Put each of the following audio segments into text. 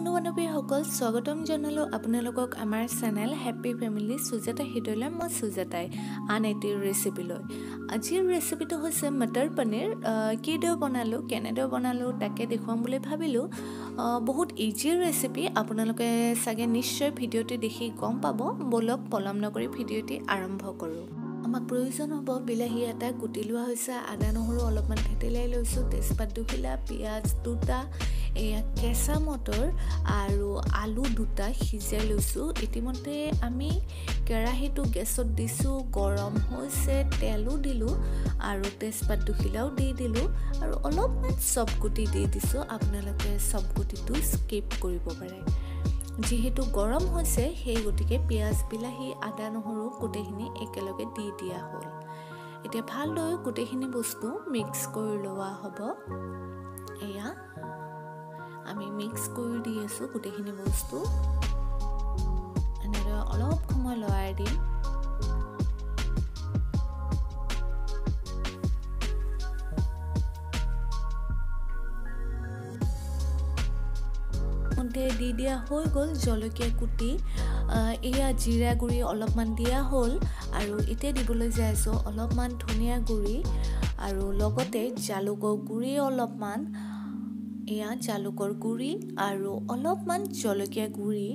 বন্ধু বান্ধৱীসকল স্বাগতম জনালোঁ আপোনালোকক আমাৰ চেনেল হেপ্পী ফেমিলি সুজাতা হৃদয়লৈ মই সুজাতাই আন এটিৰ লৈ আজিৰ ৰেচিপিটো হৈছে মটৰ পনীৰ কিদৰে বনালোঁ কেনেদৰে বনালোঁ তাকে দেখুৱাম বুলি ভাবিলোঁ বহুত ইজি ৰেচিপি আপোনালোকে চাগে নিশ্চয় ভিডিঅ'টি দেখি গম পাব ব'লক পলম নকৰি ভিডিঅ'টি আৰম্ভ কৰোঁ আমাক প্ৰয়োজন হ'ব বিলাহী এটা কুটি লোৱা হৈছে আদা নহৰু অলপমান ভেটেলাই লৈছোঁ তেজপাত দুখিলা পিঁয়াজ দুটা এয়া কেঁচা মটৰ আৰু আলু দুটা সিজাই লৈছোঁ ইতিমধ্যে আমি কেৰাহীটো গেছত দিছোঁ গৰম হৈছে তেলো দিলোঁ আৰু তেজপাত দুখিলাও দি দিলোঁ আৰু অলপমান চপগুটি দি দিছোঁ আপোনালোকে চপগুটিটো স্কিপ কৰিব পাৰে যিহেতু গৰম হৈছে সেই গতিকে পিঁয়াজ বিলাহী আদা নহৰু গোটেইখিনি একেলগে দি দিয়া হ'ল এতিয়া ভালদৰে গোটেইখিনি বস্তু মিক্স কৰি লোৱা হ'ব এয়া আমি মিক্স কৰি দি আছোঁ গোটেইখিনি বস্তু এনেদৰে অলপ সময় লৰাই দিম খন্তিয়াই দি দিয়া হৈ গ'ল জলকীয়া কুটি এয়া জিৰা গুড়ি অলপমান দিয়া হ'ল আৰু এতিয়া দিবলৈ যাই আছোঁ অলপমান ধনিয়া গুড়ি আৰু লগতে জালুকৰ গুড়ি অলপমান এয়া জালুকৰ গুড়ি আৰু অলপমান জলকীয়া গুড়ি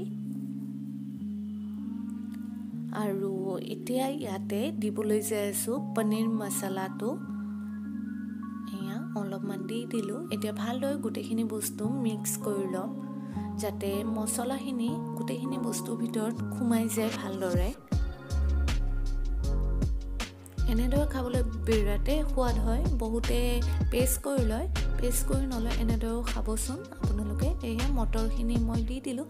আৰু এতিয়া ইয়াতে দিবলৈ যাই আছোঁ পনীৰ মচলাটো এয়া অলপমান দি দিলোঁ এতিয়া ভালদৰে গোটেইখিনি বস্তু মিক্স কৰি ল'ম যাতে মছলাখিনি গোটেইখিনি বস্তুৰ ভিতৰত সোমাই যায় ভালদৰে এনেদৰে খাবলৈ বিৰাটেই সোৱাদ হয় বহুতে পেষ্ট কৰি লয় পেষ্ট কৰি নলয় এনেদৰেও খাবচোন আপোনালোকে সেয়েহে মটৰখিনি মই দি দিলোঁ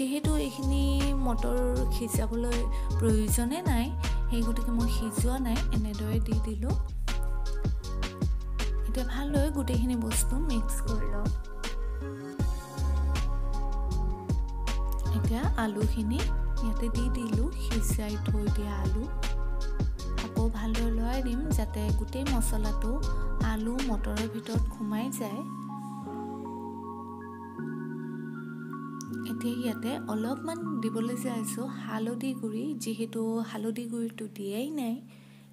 যিহেতু এইখিনি মটৰ সিজাবলৈ প্ৰয়োজনে নাই সেই গতিকে মই সিজোৱা নাই এনেদৰে দি দিলোঁ এতিয়া ভালদৰে গোটেইখিনি বস্তু মিক্স কৰি লওঁ এতিয়া আলুখিনি ইয়াতে দি দিলোঁ সিজাই থৈ দিয়া আলু আকৌ ভালদৰে লৰাই দিম যাতে গোটেই মচলাটো আলু মটৰৰ ভিতৰত সোমাই যায় এতিয়া ইয়াতে অলপমান দিবলৈ যাইছোঁ হালধি গুড়ি যিহেতু হালধি গুড়িটো দিয়াই নাই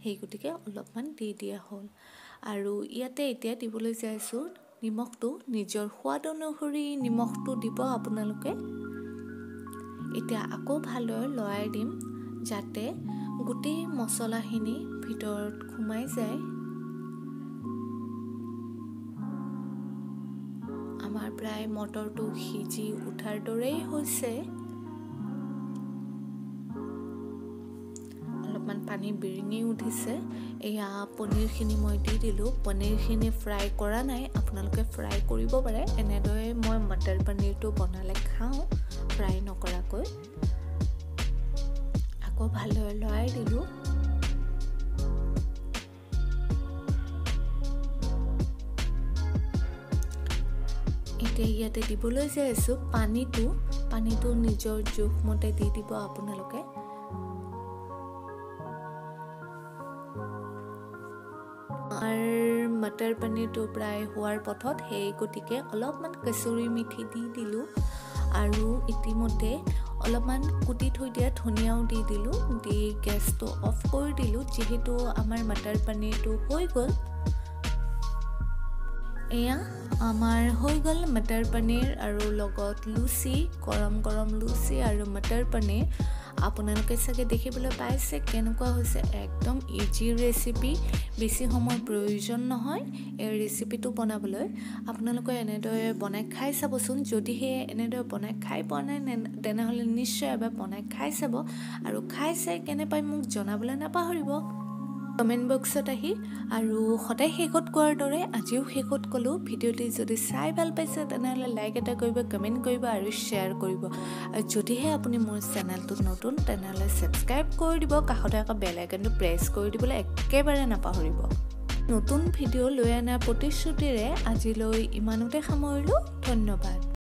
সেই গতিকে অলপমান দি দিয়া হ'ল আৰু ইয়াতে এতিয়া দিবলৈ যাইছোঁ নিমখটো নিজৰ সোৱাদ অনুসৰি নিমখটো দিব আপোনালোকে এতিয়া আকৌ ভালদৰে লৰাই দিম যাতে গোটেই মচলাখিনি ভিতৰত সোমাই যায় আমাৰ প্ৰায় মটৰটো সিজি উঠাৰ দৰেই হৈছে অলপমান পানী বিৰিঙি উঠিছে এয়া পনীৰখিনি মই দি দিলোঁ পনীৰখিনি ফ্ৰাই কৰা নাই আপোনালোকে ফ্ৰাই কৰিব পাৰে এনেদৰে মই মটৰ পনীৰটো বনালে খাওঁ গতিকে ইয়াতে দিবলৈ যাই আছোঁ পানীটো পানীটো নিজৰ জোখমতে দি দিব আপোনালোকে আৰু মাটাৰ পনীৰটো প্ৰায় হোৱাৰ পথত সেই গতিকে অলপমান কেঁচুৰি মিঠি দি দিলোঁ আৰু ইতিমধ্যে অলপমান কুটি থৈ দিয়া ধনিয়াও দি দিলোঁ দি গেছটো অফ কৰি দিলোঁ যিহেতু আমাৰ মাটাৰ পনীৰটো হৈ গ'ল এয়া আমাৰ হৈ গ'ল মটৰ পনীৰ আৰু লগত লুচি গৰম গৰম লুচি আৰু মটৰ পনীৰ আপোনালোকে চাগে দেখিবলৈ পাইছে কেনেকুৱা হৈছে একদম ইজি ৰেচিপি বেছি সময় প্ৰয়োজন নহয় এই ৰেচিপিটো বনাবলৈ আপোনালোকে এনেদৰে বনাই খাই চাবচোন যদিহে এনেদৰে বনাই খাই পোৱা নাই তেনেহ'লে নিশ্চয় এবাৰ বনাই খাই চাব আৰু খাই চাই কেনে পায় মোক জনাবলৈ নাপাহৰিব কমেণ্ট বক্সত আহি আৰু সদায় শেষত কোৱাৰ দৰে আজিও শেষত ক'লোঁ ভিডিঅ'টি যদি চাই ভাল পাইছে তেনেহ'লে লাইক এটা কৰিব কমেণ্ট কৰিব আৰু শ্বেয়াৰ কৰিব আৰু যদিহে আপুনি মোৰ চেনেলটো নতুন তেনেহ'লে ছাবস্ক্ৰাইব কৰি দিব কাষতে আকৌ বেল আইকনটো প্ৰেছ কৰি দিবলৈ একেবাৰে নাপাহৰিব নতুন ভিডিঅ' লৈ অনাৰ প্ৰতিশ্ৰুতিৰে আজিলৈ ইমানতে সামৰিলোঁ ধন্যবাদ